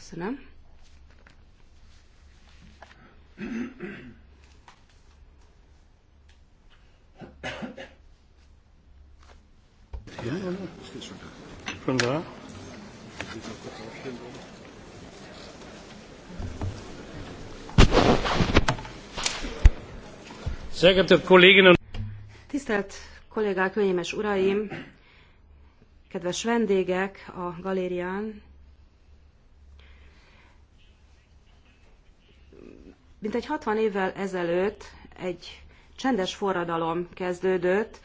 Köszönöm. Sehr geehrte Kolleginnen Tisztelt kollégák, hölgyeim és uraim, kedves vendégek a galérián, Mint egy 60 évvel ezelőtt egy csendes forradalom kezdődött,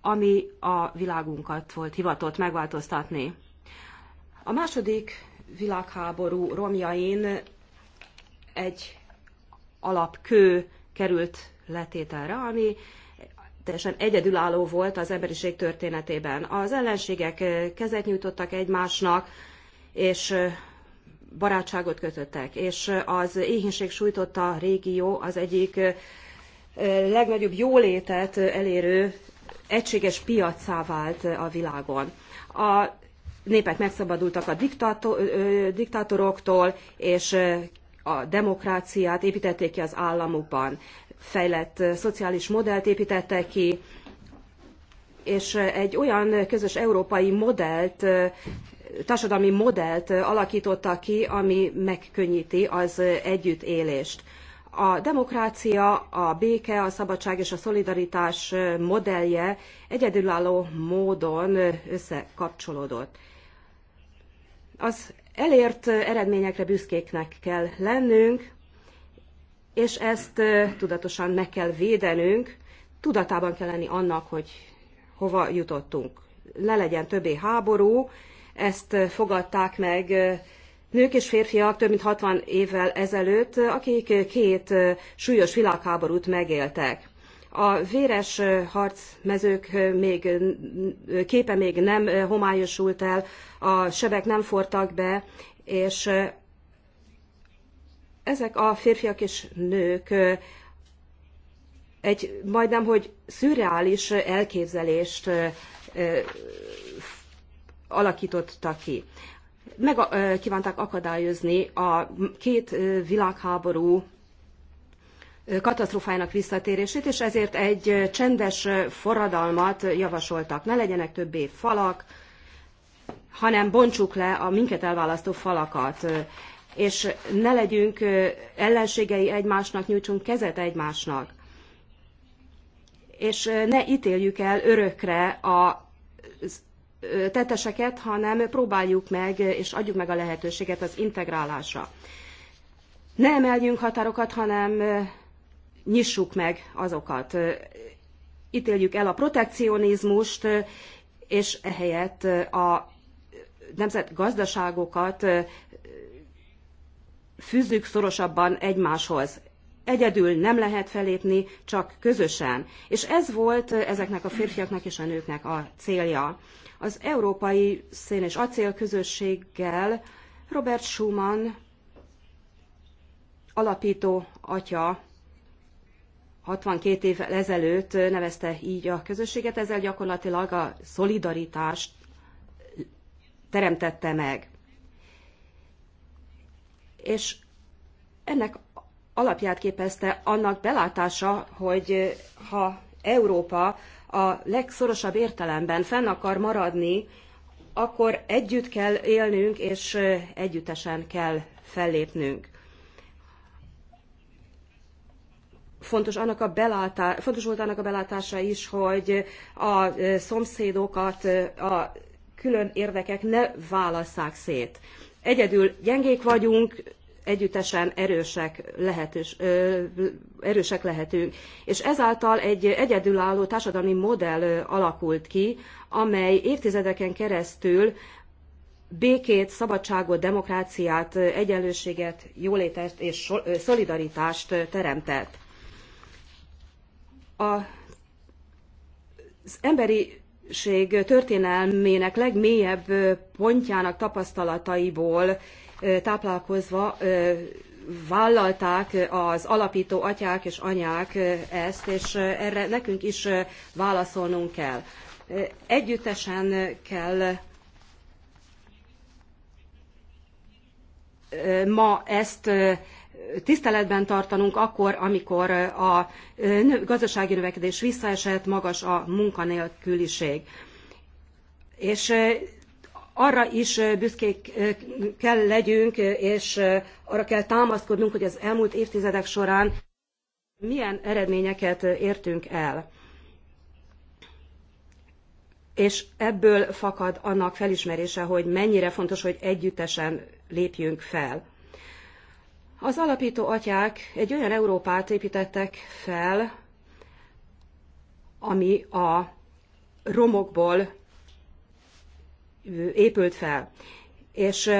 ami a világunkat volt hivatott megváltoztatni. A második világháború romjain egy alapkő került letételre, ami teljesen egyedülálló volt az emberiség történetében. Az ellenségek kezet nyújtottak egymásnak, és barátságot kötöttek, és az éhínség sújtotta régió az egyik legnagyobb jólétet elérő egységes piacá vált a világon. A népek megszabadultak a diktátoroktól, és a demokráciát építették ki az államokban. Fejlett szociális modellt építettek ki, és egy olyan közös európai modellt társadalmi modellt alakítottak ki, ami megkönnyíti az együttélést. A demokrácia, a béke, a szabadság és a szolidaritás modellje egyedülálló módon összekapcsolódott. Az elért eredményekre büszkéknek kell lennünk, és ezt tudatosan meg kell védenünk, tudatában kell lenni annak, hogy hova jutottunk. Ne legyen többé háború, ezt fogadták meg nők és férfiak több mint 60 évvel ezelőtt, akik két súlyos világháborút megéltek. A véres harcmezők még, képe még nem homályosult el, a sebek nem fortak be, és ezek a férfiak és nők egy majdnem, hogy szürreális elképzelést alakította ki. Meg kívánták akadályozni a két világháború katasztrófájának visszatérését, és ezért egy csendes forradalmat javasoltak. Ne legyenek többé falak, hanem bontsuk le a minket elválasztó falakat, és ne legyünk ellenségei egymásnak, nyújtsunk kezet egymásnak, és ne ítéljük el örökre az tetteseket, hanem próbáljuk meg és adjuk meg a lehetőséget az integrálásra. Ne emeljünk határokat, hanem nyissuk meg azokat. Ítéljük el a protekcionizmust, és ehelyett a nemzetgazdaságokat fűzzük szorosabban egymáshoz. Egyedül nem lehet felépni, csak közösen. És ez volt ezeknek a férfiaknak és a nőknek a célja. Az Európai Szén és Acél Közösséggel Robert Schumann alapító atya 62 évvel ezelőtt nevezte így a közösséget, ezzel gyakorlatilag a szolidaritást teremtette meg. És ennek alapját képezte annak belátása, hogy ha Európa a legszorosabb értelemben fenn akar maradni, akkor együtt kell élnünk, és együttesen kell fellépnünk. Fontos, annak a belátá, fontos volt annak a belátása is, hogy a szomszédokat a külön érdekek ne válasszák szét. Egyedül gyengék vagyunk, együttesen erősek, lehetős, ö, erősek lehetünk. És ezáltal egy egyedülálló társadalmi modell alakult ki, amely évtizedeken keresztül békét, szabadságot, demokráciát, egyenlőséget, jólétet és szolidaritást teremtett. A, az emberiség történelmének legmélyebb pontjának tapasztalataiból táplálkozva vállalták az alapító atyák és anyák ezt, és erre nekünk is válaszolnunk kell. Együttesen kell ma ezt tiszteletben tartanunk akkor, amikor a gazdasági növekedés visszaesett, magas a munkanélküliség. És arra is büszkék kell legyünk, és arra kell támaszkodnunk, hogy az elmúlt évtizedek során milyen eredményeket értünk el. És ebből fakad annak felismerése, hogy mennyire fontos, hogy együttesen lépjünk fel. Az alapító atyák egy olyan Európát építettek fel, ami a romokból épült fel. És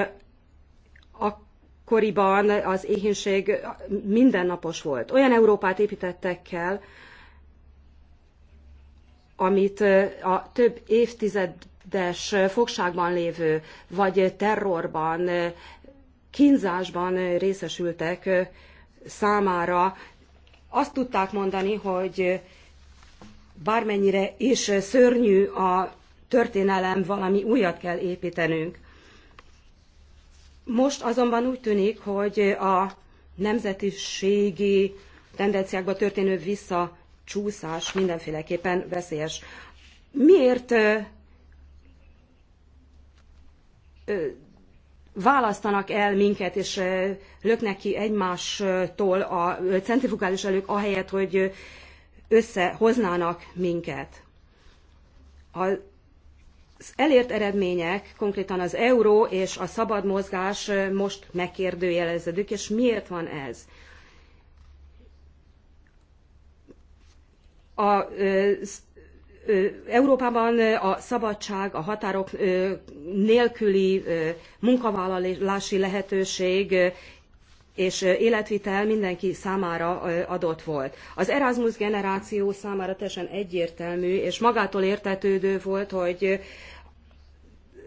akkoriban az éhínség mindennapos volt. Olyan Európát építettek kell, amit a több évtizedes fogságban lévő, vagy terrorban, kínzásban részesültek számára azt tudták mondani, hogy bármennyire is szörnyű a történelem valami újat kell építenünk. Most azonban úgy tűnik, hogy a nemzetiségi tendenciákba történő visszacsúszás mindenféleképpen veszélyes. Miért választanak el minket, és löknek ki egymástól a centrifugális elők, ahelyett, hogy összehoznának minket. A elért eredmények, konkrétan az euró és a szabad mozgás most megkérdőjeleződik, és miért van ez? A, Európában a szabadság, a határok nélküli munkavállalási lehetőség és életvitel mindenki számára adott volt. Az Erasmus generáció számára teljesen egyértelmű és magától értetődő volt, hogy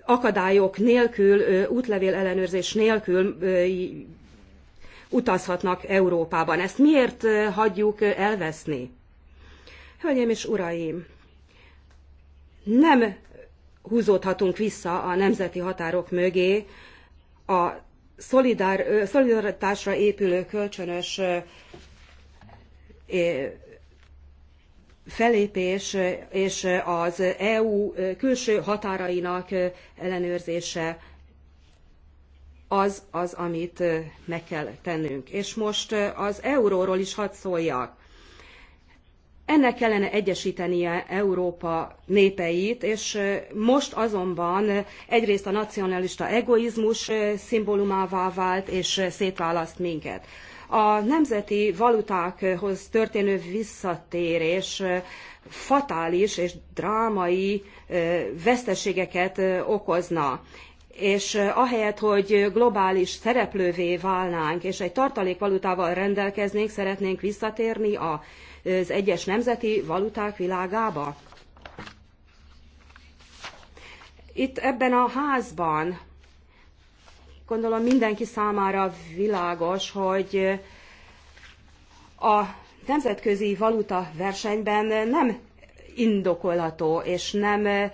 akadályok nélkül, útlevél ellenőrzés nélkül utazhatnak Európában. Ezt miért hagyjuk elveszni? Hölgyeim és uraim, nem húzódhatunk vissza a nemzeti határok mögé, a szolidár, szolidaritásra épülő kölcsönös fellépés és az EU külső határainak ellenőrzése az az, amit meg kell tennünk. És most az euróról is hadd szóljak. Ennek kellene egyesítenie Európa népeit, és most azonban egyrészt a nacionalista egoizmus szimbólumává vált, és szétválaszt minket. A nemzeti valutákhoz történő visszatérés fatális és drámai veszteségeket okozna és ahelyett, hogy globális szereplővé válnánk, és egy tartalékvalutával rendelkeznénk, szeretnénk visszatérni a az egyes nemzeti valuták világába? Itt ebben a házban gondolom mindenki számára világos, hogy a nemzetközi valuta versenyben nem indokolható és nem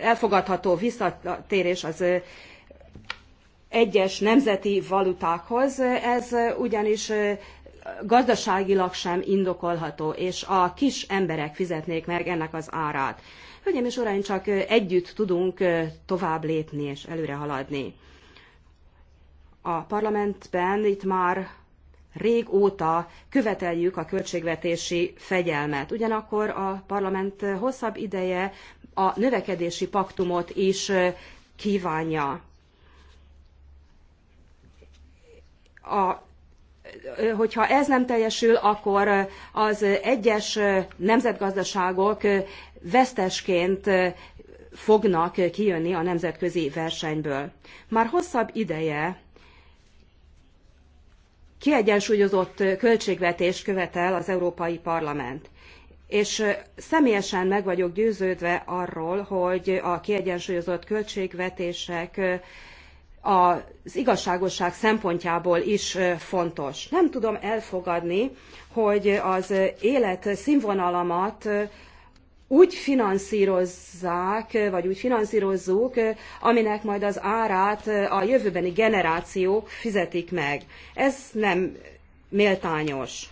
elfogadható visszatérés az egyes nemzeti valutákhoz. Ez ugyanis gazdaságilag sem indokolható, és a kis emberek fizetnék meg ennek az árát. Hölgyeim és uraim, csak együtt tudunk tovább lépni és előre haladni. A parlamentben itt már régóta követeljük a költségvetési fegyelmet. Ugyanakkor a parlament hosszabb ideje a növekedési paktumot is kívánja. A hogyha ez nem teljesül, akkor az egyes nemzetgazdaságok vesztesként fognak kijönni a nemzetközi versenyből. Már hosszabb ideje kiegyensúlyozott költségvetést követel az Európai Parlament. És személyesen meg vagyok győződve arról, hogy a kiegyensúlyozott költségvetések az igazságosság szempontjából is fontos. Nem tudom elfogadni, hogy az élet színvonalamat úgy finanszírozzák, vagy úgy finanszírozzuk, aminek majd az árát a jövőbeni generációk fizetik meg. Ez nem méltányos.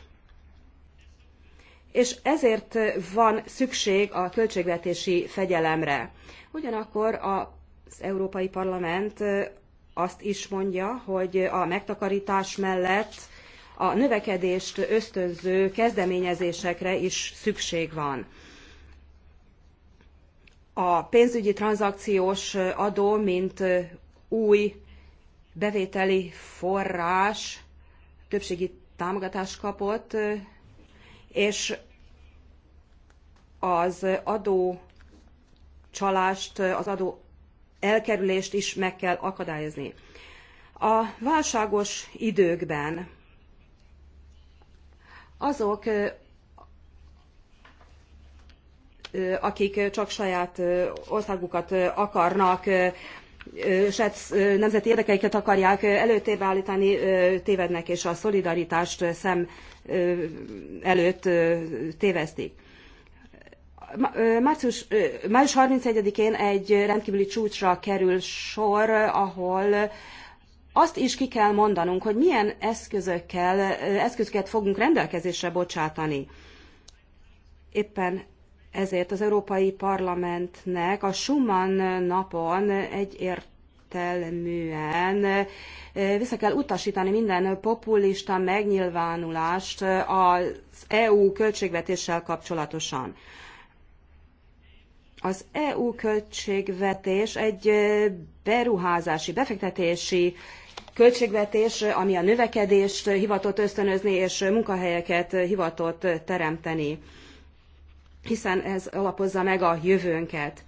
És ezért van szükség a költségvetési fegyelemre. Ugyanakkor az Európai Parlament azt is mondja, hogy a megtakarítás mellett a növekedést ösztönző kezdeményezésekre is szükség van. A pénzügyi tranzakciós adó, mint új bevételi forrás többségi támogatást kapott, és az adó csalást, az adó elkerülést is meg kell akadályozni. A válságos időkben azok, akik csak saját országukat akarnak, saját nemzeti érdekeiket akarják előtérbe állítani, tévednek, és a szolidaritást szem előtt tévesztik március, május 31-én egy rendkívüli csúcsra kerül sor, ahol azt is ki kell mondanunk, hogy milyen eszközökkel, eszközöket fogunk rendelkezésre bocsátani. Éppen ezért az Európai Parlamentnek a Schumann napon egyértelműen vissza kell utasítani minden populista megnyilvánulást az EU költségvetéssel kapcsolatosan. Az EU költségvetés egy beruházási, befektetési költségvetés, ami a növekedést hivatott ösztönözni és munkahelyeket hivatott teremteni, hiszen ez alapozza meg a jövőnket.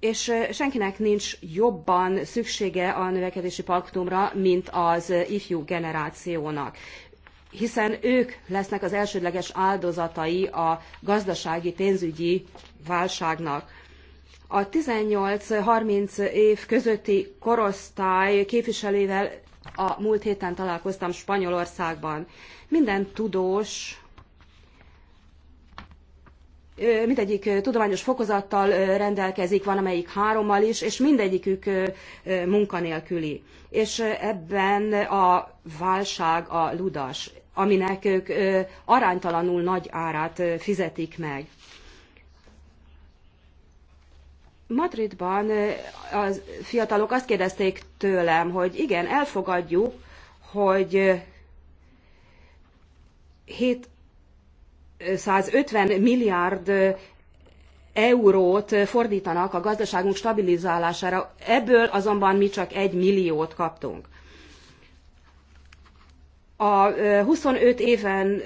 És senkinek nincs jobban szüksége a növekedési paktumra, mint az ifjú generációnak hiszen ők lesznek az elsődleges áldozatai a gazdasági pénzügyi válságnak. A 18-30 év közötti korosztály képviselőivel a múlt héten találkoztam Spanyolországban. Minden tudós mindegyik tudományos fokozattal rendelkezik, van amelyik hárommal is, és mindegyikük munkanélküli. És ebben a válság a ludas, aminek ők aránytalanul nagy árát fizetik meg. Madridban a fiatalok azt kérdezték tőlem, hogy igen, elfogadjuk, hogy 7 150 milliárd eurót fordítanak a gazdaságunk stabilizálására, ebből azonban mi csak egy milliót kaptunk. A 25 éven,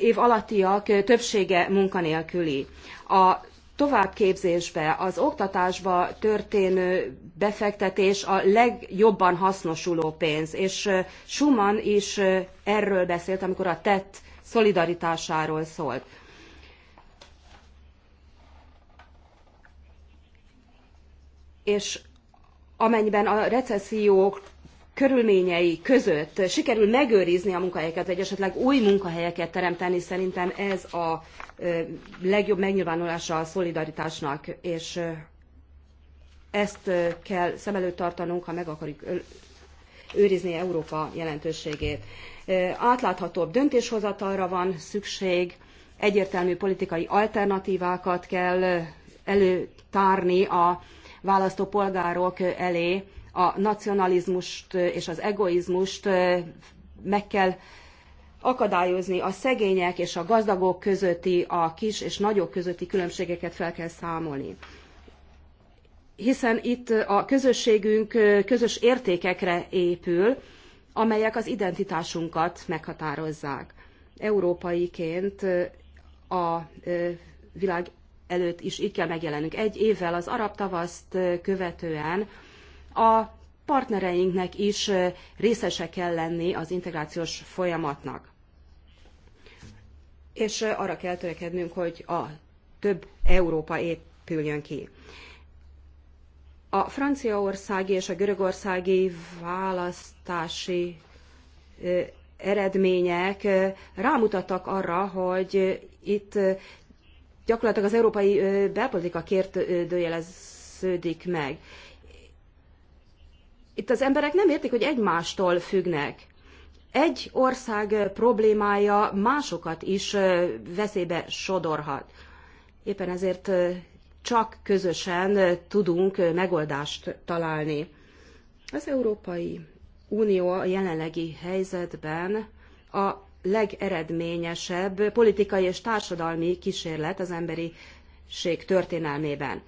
év alattiak többsége munkanélküli. A továbbképzésbe, az oktatásba történő befektetés a legjobban hasznosuló pénz, és Schumann is erről beszélt, amikor a tett e szolidaritásáról szólt. És amennyiben a recesszió körülményei között sikerül megőrizni a munkahelyeket, vagy esetleg új munkahelyeket teremteni, szerintem ez a legjobb megnyilvánulása a szolidaritásnak, és ezt kell szem előtt tartanunk, ha meg akarjuk őrizni Európa jelentőségét átláthatóbb döntéshozatalra van szükség, egyértelmű politikai alternatívákat kell előtárni a választópolgárok elé, a nacionalizmust és az egoizmust meg kell akadályozni, a szegények és a gazdagok közötti, a kis és nagyok közötti különbségeket fel kell számolni. Hiszen itt a közösségünk közös értékekre épül, amelyek az identitásunkat meghatározzák. Európaiként a világ előtt is így kell megjelenünk. Egy évvel az arab tavaszt követően a partnereinknek is részese kell lenni az integrációs folyamatnak. És arra kell törekednünk, hogy a több Európa épüljön ki. A franciaországi és a görögországi választási eredmények rámutattak arra, hogy itt gyakorlatilag az európai belpolitika kérdőjeleződik meg. Itt az emberek nem értik, hogy egymástól függnek. Egy ország problémája másokat is veszélybe sodorhat. Éppen ezért csak közösen tudunk megoldást találni. Az Európai Unió a jelenlegi helyzetben a legeredményesebb politikai és társadalmi kísérlet az emberiség történelmében.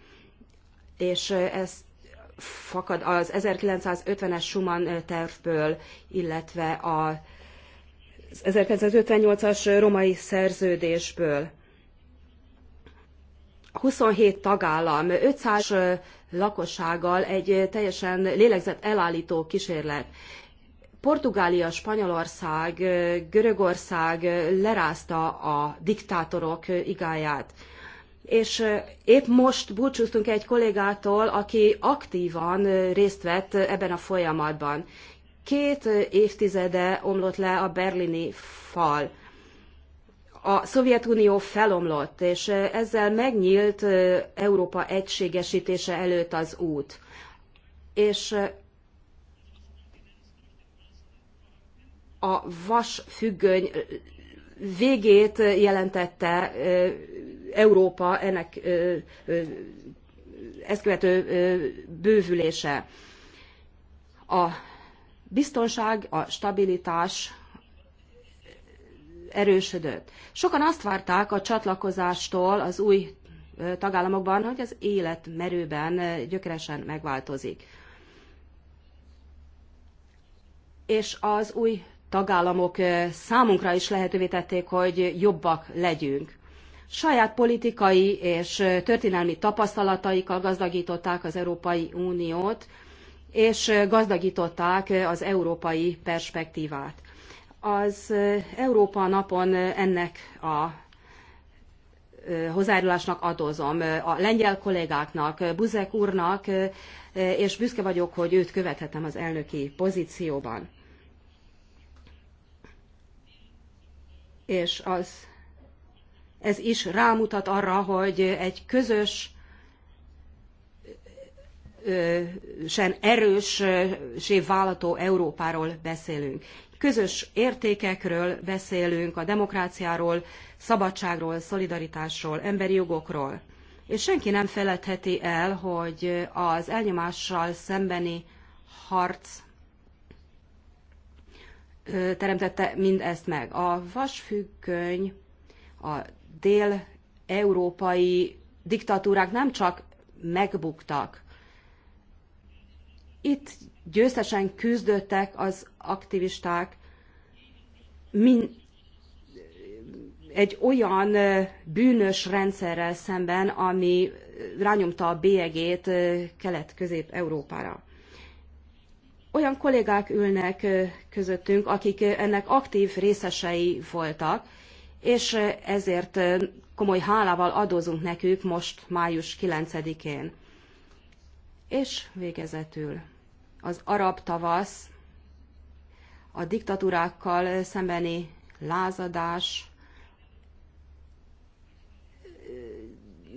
És ez fakad az 1950-es Schumann tervből, illetve a 1958-as romai szerződésből. 27 tagállam 500 lakossággal egy teljesen lélegzett elállító kísérlet. Portugália, Spanyolország, Görögország lerázta a diktátorok igáját. És épp most búcsúztunk egy kollégától, aki aktívan részt vett ebben a folyamatban. Két évtizede omlott le a berlini fal a Szovjetunió felomlott, és ezzel megnyílt Európa egységesítése előtt az út. És a vasfüggöny végét jelentette Európa ennek ezt követő bővülése. A biztonság, a stabilitás erősödött. Sokan azt várták a csatlakozástól az új tagállamokban, hogy az élet merőben gyökeresen megváltozik. És az új tagállamok számunkra is lehetővé tették, hogy jobbak legyünk. Saját politikai és történelmi tapasztalataikkal gazdagították az Európai Uniót, és gazdagították az európai perspektívát. Az eh, Európa napon eh, ennek a eh, hozzájárulásnak adozom. A lengyel kollégáknak, Buzek úrnak, és büszke vagyok, hogy őt követhetem az elnöki pozícióban. És az, ez is rámutat arra, hogy egy közös sen erőssé válató Európáról beszélünk közös értékekről beszélünk, a demokráciáról, szabadságról, szolidaritásról, emberi jogokról. És senki nem feledheti el, hogy az elnyomással szembeni harc teremtette mindezt meg. A vasfüggöny, a dél-európai diktatúrák nem csak megbuktak, itt győztesen küzdöttek az aktivisták min, egy olyan bűnös rendszerrel szemben, ami rányomta a bélyegét Kelet-Közép-Európára. Olyan kollégák ülnek közöttünk, akik ennek aktív részesei voltak, és ezért komoly hálával adózunk nekük most május 9-én. És végezetül az arab tavasz, a diktatúrákkal szembeni lázadás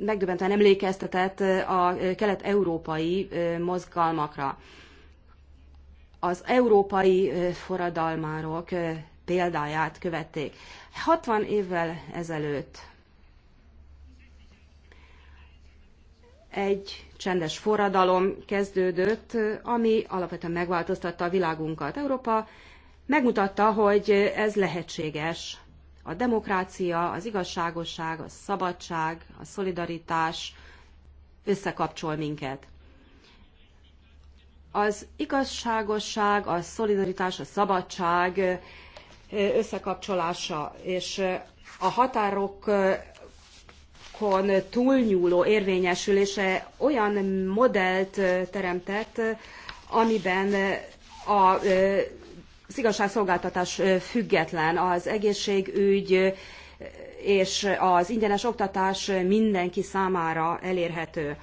megdöbbentően emlékeztetett a kelet-európai mozgalmakra. Az európai forradalmárok példáját követték. 60 évvel ezelőtt egy csendes forradalom kezdődött, ami alapvetően megváltoztatta a világunkat. Európa megmutatta, hogy ez lehetséges. A demokrácia, az igazságosság, a szabadság, a szolidaritás összekapcsol minket. Az igazságosság, a szolidaritás, a szabadság összekapcsolása és a határok jogokon túlnyúló érvényesülése olyan modellt teremtett, amiben a az igazságszolgáltatás független, az egészségügy és az ingyenes oktatás mindenki számára elérhető.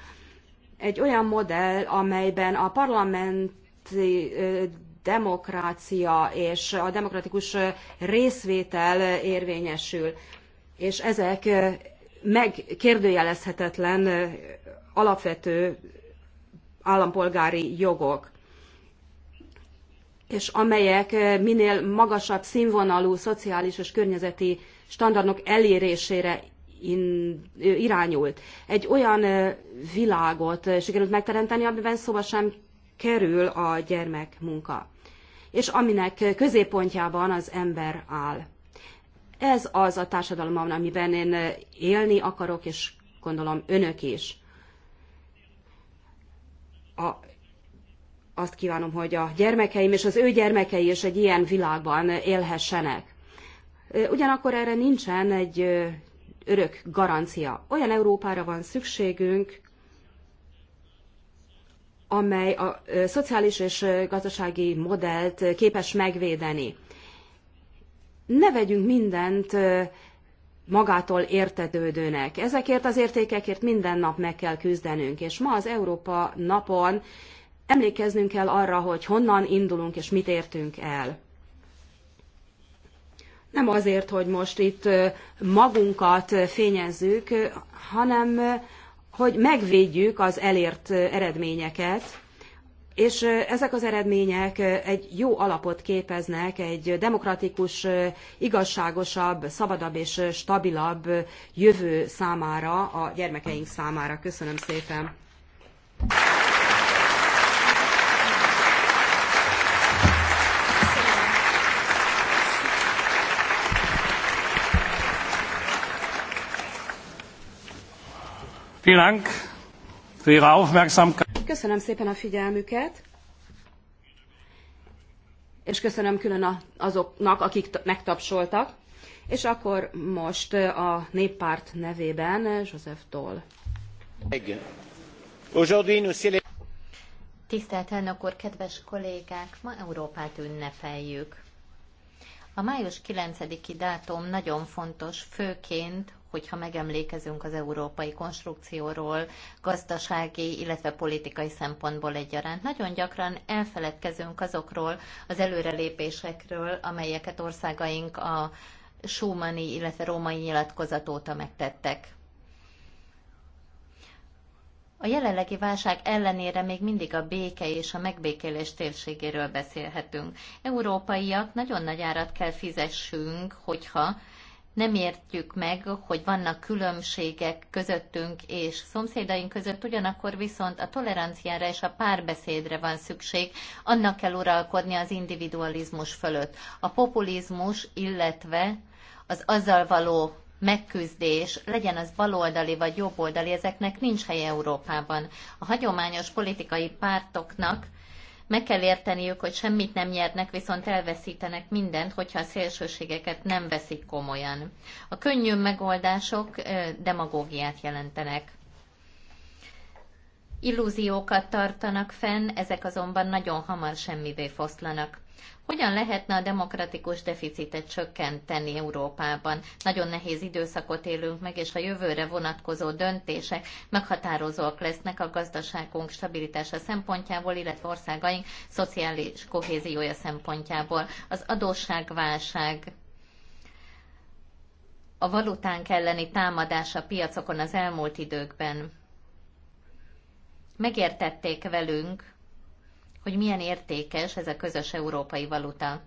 Egy olyan modell, amelyben a parlamenti demokrácia és a demokratikus részvétel érvényesül, és ezek megkérdőjelezhetetlen alapvető állampolgári jogok és amelyek minél magasabb színvonalú szociális és környezeti standardok elérésére in, irányult. Egy olyan világot sikerült megteremteni, amiben szóba sem kerül a gyermekmunka, és aminek középpontjában az ember áll. Ez az a társadalom, amiben én eh, élni akarok, és gondolom önök is. A, azt kívánom, hogy a gyermekeim és az ő gyermekei is egy ilyen világban eh, élhessenek. Eh, ugyanakkor erre nincsen egy örök garancia. Olyan Európára van szükségünk, amely a szociális és gazdasági modellt képes megvédeni ne vegyünk mindent magától értetődőnek. Ezekért az értékekért minden nap meg kell küzdenünk, és ma az Európa napon emlékeznünk kell arra, hogy honnan indulunk és mit értünk el. Nem azért, hogy most itt magunkat fényezzük, hanem hogy megvédjük az elért eredményeket, és ezek az eredmények egy jó alapot képeznek egy demokratikus, igazságosabb, szabadabb és stabilabb jövő számára, a gyermekeink számára. Köszönöm szépen! Vielen Dank. Köszönöm szépen a figyelmüket, és köszönöm külön azoknak, akik megtapsoltak. És akkor most a néppárt nevében József Dól. Tisztelt elnök úr, kedves kollégák, ma Európát ünnepeljük. A május 9-i dátum nagyon fontos, főként, hogyha megemlékezünk az európai konstrukcióról, gazdasági, illetve politikai szempontból egyaránt. Nagyon gyakran elfeledkezünk azokról az előrelépésekről, amelyeket országaink a Schumani, illetve római nyilatkozat óta megtettek. A jelenlegi válság ellenére még mindig a béke és a megbékélés térségéről beszélhetünk. Európaiak nagyon nagy árat kell fizessünk, hogyha nem értjük meg, hogy vannak különbségek közöttünk és szomszédaink között, ugyanakkor viszont a toleranciára és a párbeszédre van szükség, annak kell uralkodni az individualizmus fölött. A populizmus, illetve az azzal való megküzdés, legyen az baloldali vagy jobboldali, ezeknek nincs helye Európában. A hagyományos politikai pártoknak meg kell érteniük, hogy semmit nem nyernek, viszont elveszítenek mindent, hogyha a szélsőségeket nem veszik komolyan. A könnyű megoldások demagógiát jelentenek. Illúziókat tartanak fenn, ezek azonban nagyon hamar semmivé foszlanak. Hogyan lehetne a demokratikus deficitet csökkenteni Európában? Nagyon nehéz időszakot élünk meg, és a jövőre vonatkozó döntések meghatározóak lesznek a gazdaságunk stabilitása szempontjából, illetve országaink szociális kohéziója szempontjából. Az adósságválság a valutánk elleni támadás a piacokon az elmúlt időkben. Megértették velünk, hogy milyen értékes ez a közös európai valuta.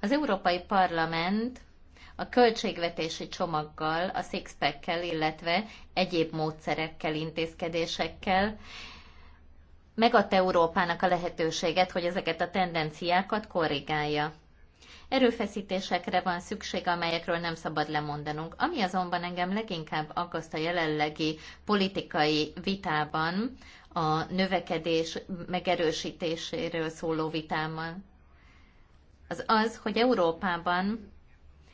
Az Európai Parlament a költségvetési csomaggal, a six-pack-kel, illetve egyéb módszerekkel, intézkedésekkel megadta Európának a lehetőséget, hogy ezeket a tendenciákat korrigálja. Erőfeszítésekre van szükség, amelyekről nem szabad lemondanunk. Ami azonban engem leginkább aggaszt a jelenlegi politikai vitában, a növekedés megerősítéséről szóló vitában, az az, hogy Európában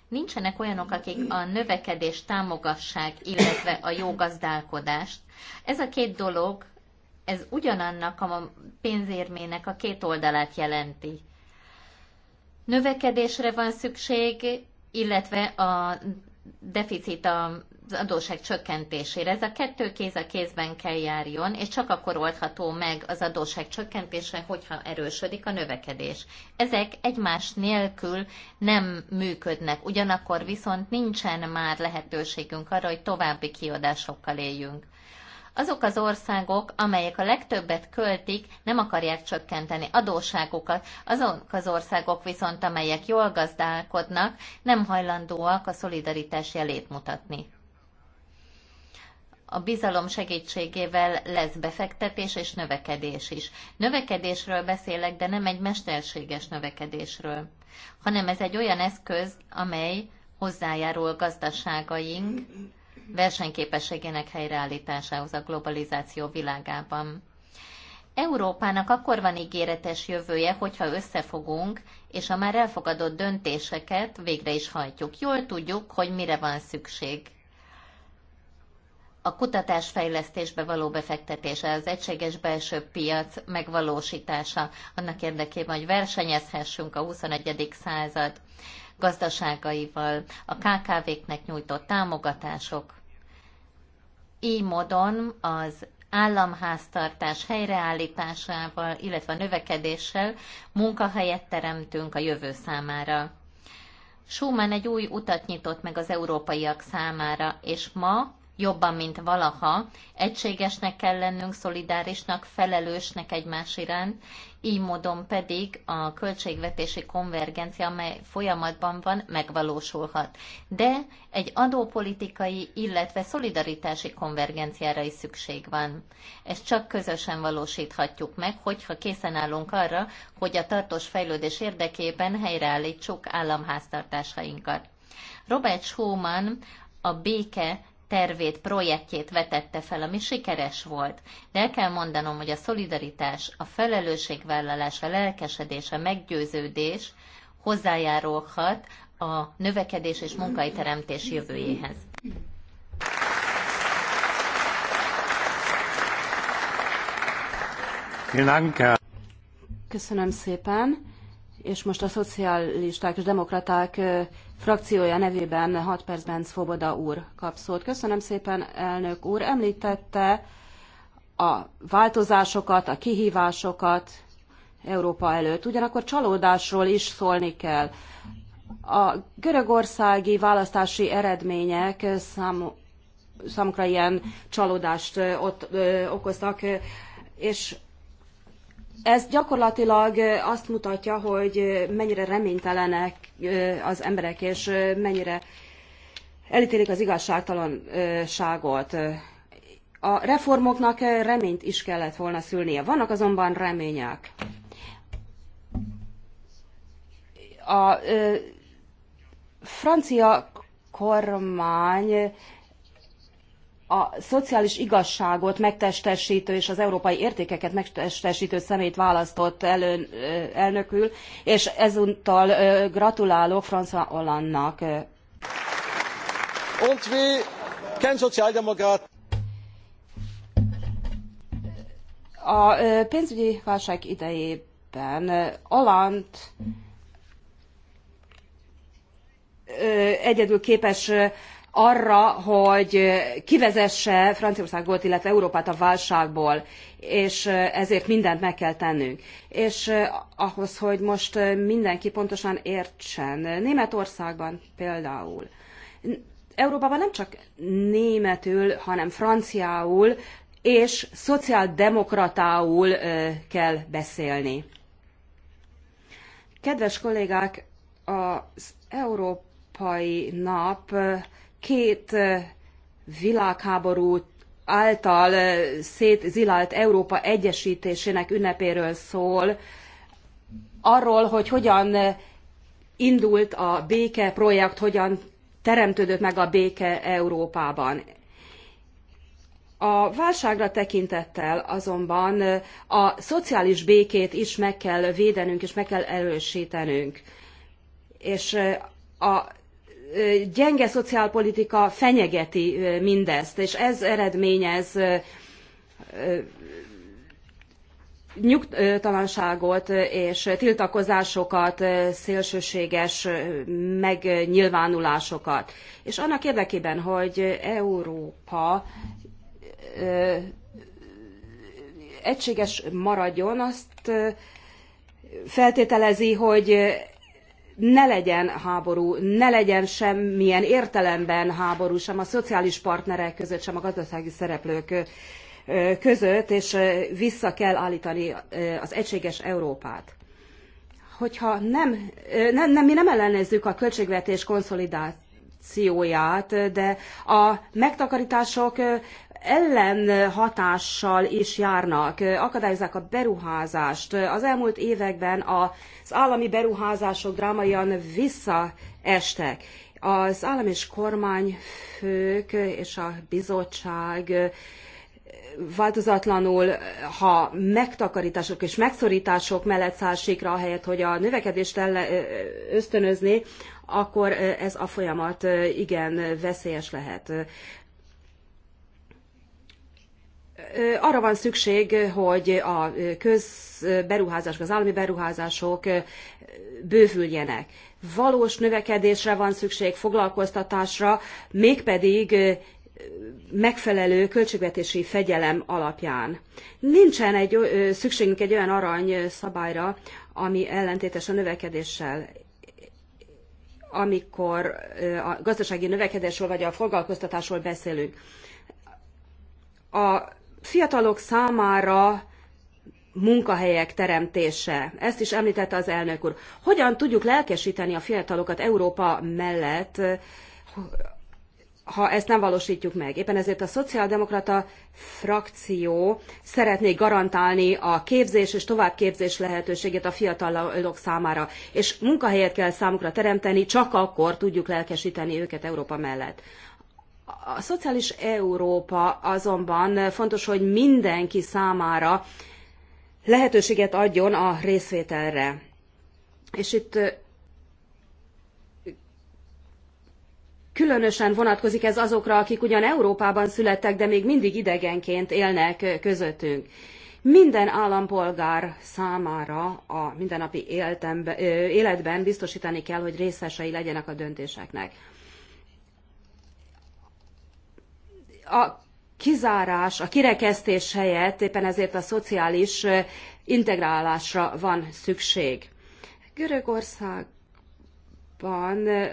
nincsenek olyanok, akik a növekedést támogassák, illetve a jó gazdálkodást. Ez a két dolog, ez ugyanannak a pénzérmének a két oldalát jelenti. Növekedésre van szükség, illetve a deficit a az adóság csökkentésére. Ez a kettő kéz a kézben kell járjon, és csak akkor oldható meg az adóság csökkentése, hogyha erősödik a növekedés. Ezek egymás nélkül nem működnek, ugyanakkor viszont nincsen már lehetőségünk arra, hogy további kiadásokkal éljünk azok az országok, amelyek a legtöbbet költik, nem akarják csökkenteni adósságukat. Azok az országok viszont, amelyek jól gazdálkodnak, nem hajlandóak a szolidaritás jelét mutatni. A bizalom segítségével lesz befektetés és növekedés is. Növekedésről beszélek, de nem egy mesterséges növekedésről, hanem ez egy olyan eszköz, amely hozzájárul gazdaságaink versenyképességének helyreállításához a globalizáció világában. Európának akkor van ígéretes jövője, hogyha összefogunk, és a már elfogadott döntéseket végre is hajtjuk. Jól tudjuk, hogy mire van szükség. A kutatásfejlesztésbe való befektetése, az egységes belső piac megvalósítása, annak érdekében, hogy versenyezhessünk a 21. század gazdaságaival, a KKV-knek nyújtott támogatások. Így módon az államháztartás helyreállításával, illetve a növekedéssel munkahelyet teremtünk a jövő számára. Schumann egy új utat nyitott meg az európaiak számára, és ma jobban, mint valaha. Egységesnek kell lennünk, szolidárisnak, felelősnek egymás iránt, így módon pedig a költségvetési konvergencia, amely folyamatban van, megvalósulhat. De egy adópolitikai, illetve szolidaritási konvergenciára is szükség van. Ezt csak közösen valósíthatjuk meg, hogyha készen állunk arra, hogy a tartós fejlődés érdekében helyreállítsuk államháztartásainkat. Robert Schumann a béke tervét, projektjét vetette fel, ami sikeres volt. De el kell mondanom, hogy a szolidaritás, a felelősségvállalás, a lelkesedés, a meggyőződés hozzájárulhat a növekedés és teremtés jövőjéhez. Köszönöm szépen, és most a szocialisták és demokraták frakciója nevében 6 percben Svoboda úr kap szót. Köszönöm szépen, elnök úr. Említette a változásokat, a kihívásokat Európa előtt. Ugyanakkor csalódásról is szólni kell. A görögországi választási eredmények szám, számukra ilyen csalódást ott ö, okoztak, és ez gyakorlatilag azt mutatja, hogy mennyire reménytelenek az emberek, és mennyire elítélik az igazságtalanságot. A reformoknak reményt is kellett volna szülnie. Vannak azonban remények. A francia kormány a szociális igazságot megtestesítő és az európai értékeket megtestesítő szemét választott elnökül, és ezúttal gratulálok François Hollandnak. Und wie kein Sozialdemokrat. A pénzügyi válság idejében Holland egyedül képes arra, hogy kivezesse Franciaországot, illetve Európát a válságból, és ezért mindent meg kell tennünk. És eh, ahhoz, hogy most eh, mindenki pontosan értsen, Németországban például, Európában nem csak németül, hanem franciául és szociáldemokratául eh, kell beszélni. Kedves kollégák, az Európai Nap két világháború által szétzilált Európa egyesítésének ünnepéről szól, arról, hogy hogyan indult a béke projekt, hogyan teremtődött meg a béke Európában. A válságra tekintettel azonban a szociális békét is meg kell védenünk és meg kell erősítenünk. És a gyenge szociálpolitika fenyegeti mindezt, és ez eredményez nyugtalanságot és tiltakozásokat, szélsőséges megnyilvánulásokat. És annak érdekében, hogy Európa egységes maradjon, azt feltételezi, hogy ne legyen háború, ne legyen semmilyen értelemben háború, sem a szociális partnerek között, sem a gazdasági szereplők között, és vissza kell állítani az egységes Európát. Hogyha nem, nem, nem mi nem ellenezzük a költségvetés konszolidációját, de a megtakarítások ellenhatással is járnak, akadályozzák a beruházást. Az elmúlt években az állami beruházások drámaian visszaestek. Az állam és kormányfők és a bizottság változatlanul, ha megtakarítások és megszorítások mellett száll sikra, ahelyett, hogy a növekedést elle, ösztönözni, akkor ez a folyamat igen veszélyes lehet arra van szükség, hogy a közberuházások, az állami beruházások bővüljenek. Valós növekedésre van szükség, foglalkoztatásra, mégpedig megfelelő költségvetési fegyelem alapján. Nincsen egy, szükségünk egy olyan arany szabályra, ami ellentétes a növekedéssel amikor a gazdasági növekedésről vagy a foglalkoztatásról beszélünk. A fiatalok számára munkahelyek teremtése. Ezt is említette az elnök úr. Hogyan tudjuk lelkesíteni a fiatalokat Európa mellett, ha ezt nem valósítjuk meg. Éppen ezért a szociáldemokrata frakció szeretné garantálni a képzés és továbbképzés lehetőségét a fiatalok számára, és munkahelyet kell számukra teremteni, csak akkor tudjuk lelkesíteni őket Európa mellett. A szociális Európa azonban fontos, hogy mindenki számára lehetőséget adjon a részvételre. És itt Különösen vonatkozik ez azokra, akik ugyan Európában születtek, de még mindig idegenként élnek közöttünk. Minden állampolgár számára a mindennapi életben biztosítani kell, hogy részesei legyenek a döntéseknek. a kizárás, a kirekesztés helyett éppen ezért a szociális integrálásra van szükség. Görögországban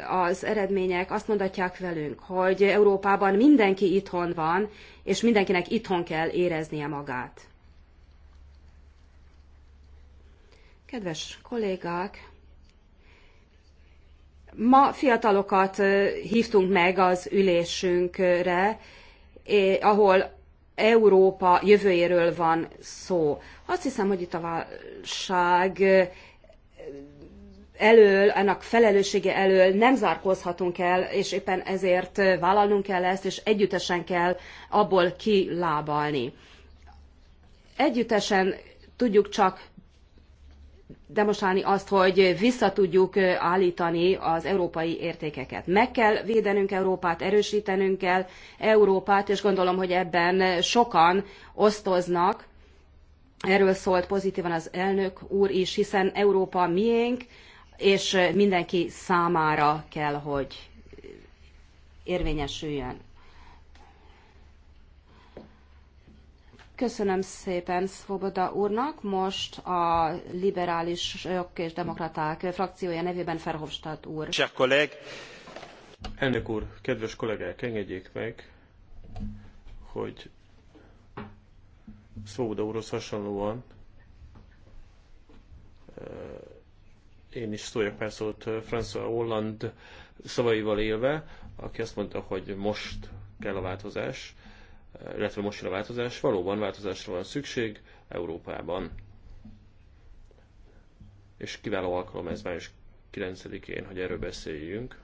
az eredmények azt mondatják velünk, hogy Európában mindenki itthon van, és mindenkinek itthon kell éreznie magát. Kedves kollégák, ma fiatalokat hívtunk meg az ülésünkre, ahol Európa jövőjéről van szó. Azt hiszem, hogy itt a válság elől, ennek felelőssége elől nem zárkózhatunk el, és éppen ezért vállalnunk kell ezt, és együttesen kell abból kilábalni. Együttesen tudjuk csak demonstrálni azt, hogy vissza tudjuk állítani az európai értékeket. Meg kell védenünk Európát, erősítenünk kell Európát, és gondolom, hogy ebben sokan osztoznak. Erről szólt pozitívan az elnök úr is, hiszen Európa miénk, és mindenki számára kell, hogy érvényesüljön. Köszönöm szépen Svoboda úrnak. Most a liberálisok és demokraták frakciója nevében Ferhofstadt úr. kolleg. Elnök úr, kedves kollégák, engedjék meg, hogy Svoboda úrhoz hasonlóan eh, én is szóljak pár szót eh, François Hollande szavaival élve, aki azt mondta, hogy most kell a változás illetve a változás. Valóban változásra van szükség Európában. És kiváló alkalom ez május 9-én, hogy erről beszéljünk.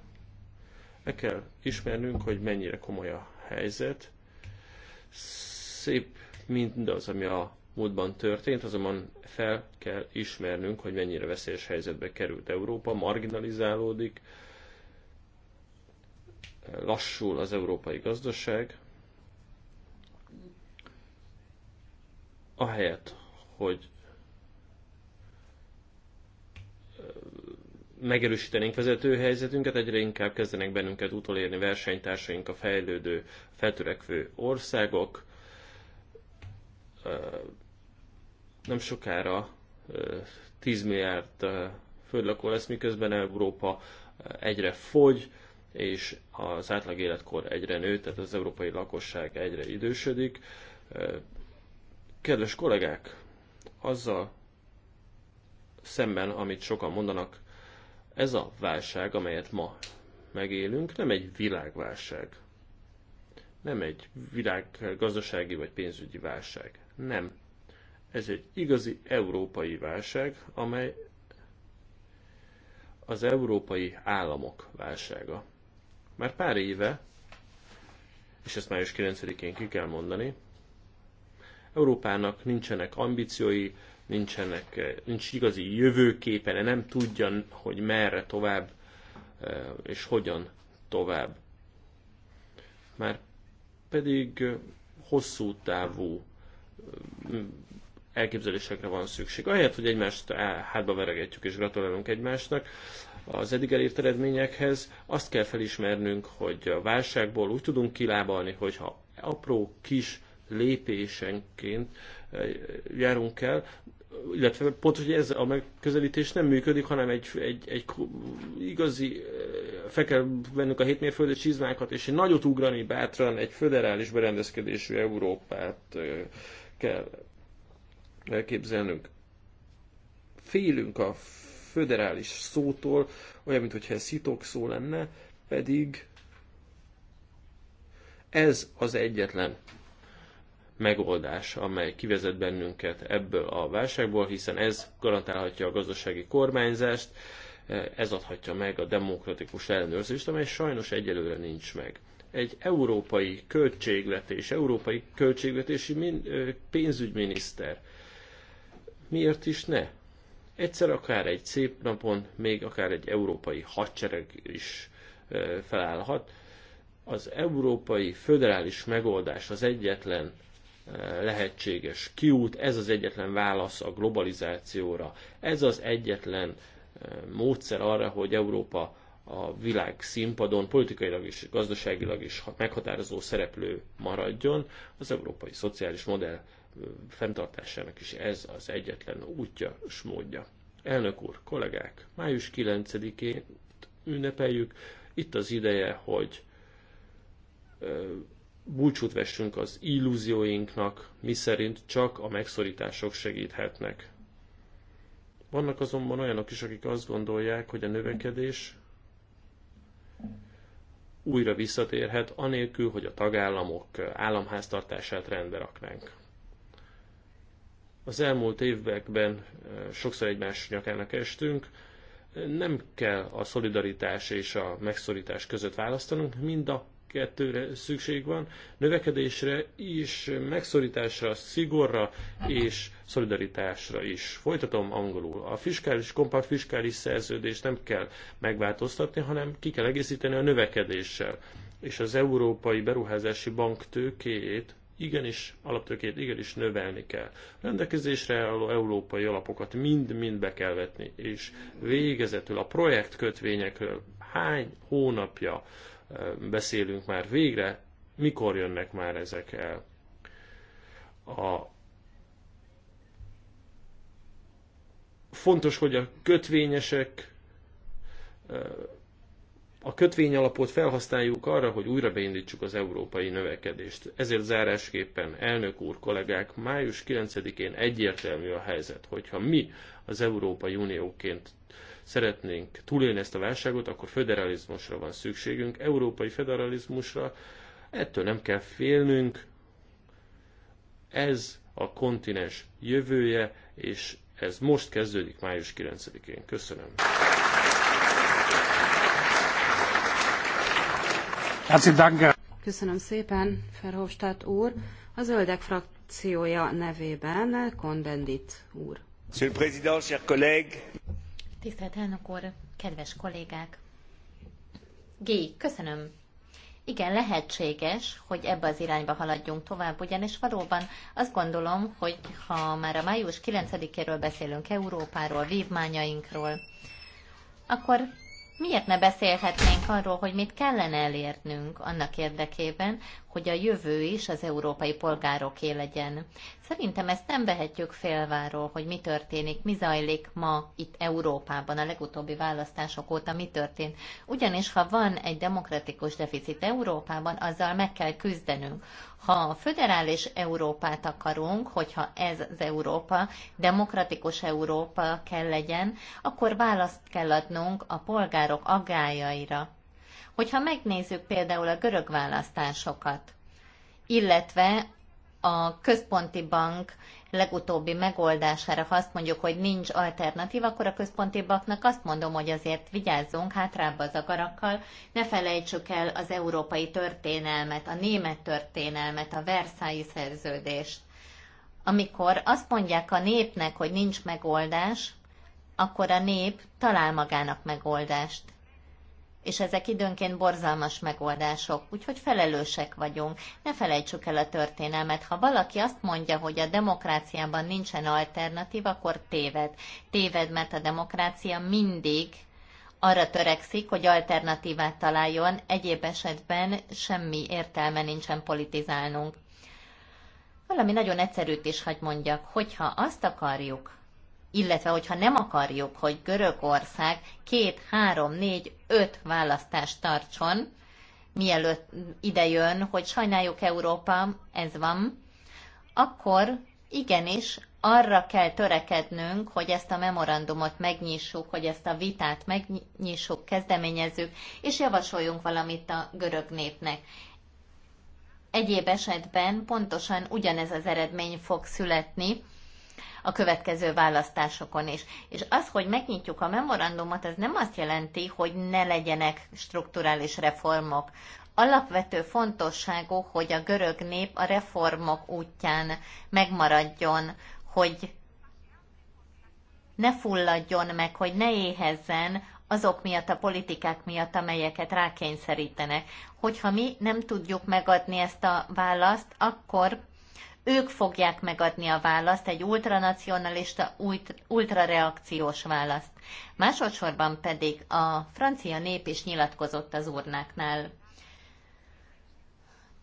Meg kell ismernünk, hogy mennyire komoly a helyzet. Szép mindaz, ami a múltban történt, azonban fel kell ismernünk, hogy mennyire veszélyes helyzetbe került Európa, marginalizálódik, lassul az európai gazdaság, ahelyett, hogy megerősítenénk helyzetünket, egyre inkább kezdenek bennünket utolérni versenytársaink a fejlődő, feltörekvő országok. Nem sokára 10 milliárd földlakó lesz, miközben Európa egyre fogy, és az átlag életkor egyre nő, tehát az európai lakosság egyre idősödik. Kedves kollégák, azzal szemben, amit sokan mondanak, ez a válság, amelyet ma megélünk, nem egy világválság. Nem egy világgazdasági vagy pénzügyi válság. Nem. Ez egy igazi európai válság, amely az európai államok válsága. Már pár éve, és ezt május 9-én ki kell mondani, Európának nincsenek ambíciói, nincsenek, eh, nincs igazi jövőképe, nem tudja, hogy merre tovább eh, és hogyan tovább. Már pedig eh, hosszú távú elképzelésekre van szükség. Ahelyett, hogy egymást hátba veregetjük és gratulálunk egymásnak, az eddig elért eredményekhez azt kell felismernünk, hogy a válságból úgy tudunk kilábalni, hogyha apró, kis lépésenként eh, járunk el, illetve pont, hogy ez a megközelítés nem működik, hanem egy, egy, egy igazi, eh, fel kell vennünk a hétmérföldi csizmákat, és egy nagyot ugrani bátran egy föderális berendezkedésű Európát eh, kell elképzelnünk. Félünk a föderális szótól, olyan, mintha ez szitok szó lenne, pedig ez az egyetlen megoldás, amely kivezet bennünket ebből a válságból, hiszen ez garantálhatja a gazdasági kormányzást, ez adhatja meg a demokratikus ellenőrzést, amely sajnos egyelőre nincs meg. Egy európai költségvetés, európai költségvetési min, pénzügyminiszter. Miért is ne? Egyszer akár egy szép napon, még akár egy európai hadsereg is felállhat. Az európai föderális megoldás az egyetlen lehetséges kiút, ez az egyetlen válasz a globalizációra, ez az egyetlen eh, módszer arra, hogy Európa a világ színpadon politikailag és gazdaságilag is meghatározó szereplő maradjon, az európai szociális modell eh, fenntartásának is ez az egyetlen útja és módja. Elnök úr, kollégák, május 9-én ünnepeljük, itt az ideje, hogy eh, búcsút vessünk az illúzióinknak, miszerint csak a megszorítások segíthetnek. Vannak azonban olyanok is, akik azt gondolják, hogy a növekedés újra visszatérhet, anélkül, hogy a tagállamok államháztartását rendbe raknánk. Az elmúlt években eh, sokszor egymás nyakának estünk, nem kell a szolidaritás és a megszorítás között választanunk, mind a kettőre szükség van, növekedésre is, megszorításra, szigorra és szolidaritásra is. Folytatom angolul. A fiskális, kompakt fiskális szerződést nem kell megváltoztatni, hanem ki kell egészíteni a növekedéssel. És az Európai Beruházási Bank tőkéjét igenis, alaptőkét igenis növelni kell. Rendelkezésre álló európai alapokat mind-mind be kell vetni, és végezetül a projektkötvényekről hány hónapja beszélünk már végre, mikor jönnek már ezek el. A fontos, hogy a kötvényesek a kötvényalapot felhasználjuk arra, hogy újra beindítsuk az európai növekedést. Ezért zárásképpen, elnök úr, kollégák, május 9-én egyértelmű a helyzet, hogyha mi az Európai Unióként szeretnénk túlélni ezt a válságot, akkor federalizmusra van szükségünk, európai federalizmusra, ettől nem kell félnünk, ez a kontinens jövője, és ez most kezdődik május 9-én. Köszönöm. Köszönöm szépen, Ferhofstadt úr. A zöldek frakciója nevében Konbendit úr. Monsieur le Président, chers collègues. Tisztelt elnök úr, kedves kollégák! G, köszönöm. Igen, lehetséges, hogy ebbe az irányba haladjunk tovább, ugyanis valóban azt gondolom, hogy ha már a május 9-éről beszélünk Európáról, vívmányainkról, akkor miért ne beszélhetnénk arról, hogy mit kellene elérnünk annak érdekében, hogy a jövő is az európai polgároké legyen. Szerintem ezt nem vehetjük félváról, hogy mi történik, mi zajlik ma itt Európában a legutóbbi választások óta mi történt. Ugyanis, ha van egy demokratikus deficit Európában, azzal meg kell küzdenünk. Ha föderális Európát akarunk, hogyha ez az Európa, demokratikus Európa kell legyen, akkor választ kell adnunk a polgárok aggájaira. Hogyha megnézzük például a görög választásokat, illetve a központi bank legutóbbi megoldására, ha azt mondjuk, hogy nincs alternatív, akkor a központi banknak azt mondom, hogy azért vigyázzunk hátrább az agarakkal, ne felejtsük el az európai történelmet, a német történelmet, a Versailles szerződést. Amikor azt mondják a népnek, hogy nincs megoldás, akkor a nép talál magának megoldást és ezek időnként borzalmas megoldások, úgyhogy felelősek vagyunk. Ne felejtsük el a történelmet. Ha valaki azt mondja, hogy a demokráciában nincsen alternatív, akkor téved. Téved, mert a demokrácia mindig arra törekszik, hogy alternatívát találjon, egyéb esetben semmi értelme nincsen politizálnunk. Valami nagyon egyszerűt is hagy mondjak, hogyha azt akarjuk, illetve hogyha nem akarjuk, hogy Görögország két, három, négy, öt választást tartson, mielőtt idejön, hogy sajnáljuk Európa, ez van, akkor igenis arra kell törekednünk, hogy ezt a memorandumot megnyissuk, hogy ezt a vitát megnyissuk, kezdeményezzük, és javasoljunk valamit a görög népnek. Egyéb esetben pontosan ugyanez az eredmény fog születni, a következő választásokon is. És az, hogy megnyitjuk a memorandumot, az nem azt jelenti, hogy ne legyenek strukturális reformok. Alapvető fontosságú, hogy a görög nép a reformok útján megmaradjon, hogy ne fulladjon meg, hogy ne éhezzen azok miatt, a politikák miatt, amelyeket rákényszerítenek. Hogyha mi nem tudjuk megadni ezt a választ, akkor ők fogják megadni a választ, egy ultranacionalista, ultrareakciós választ. Másodszorban pedig a francia nép is nyilatkozott az urnáknál.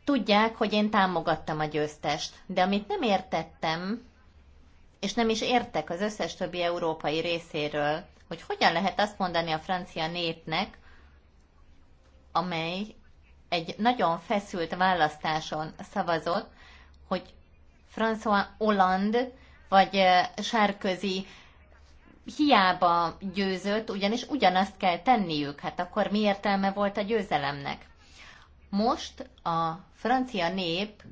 Tudják, hogy én támogattam a győztest, de amit nem értettem, és nem is értek az összes többi európai részéről, hogy hogyan lehet azt mondani a francia népnek, amely egy nagyon feszült választáson szavazott, hogy François Hollande vagy Sárközi hiába győzött, ugyanis ugyanazt kell tenniük, hát akkor mi értelme volt a győzelemnek? Most a francia nép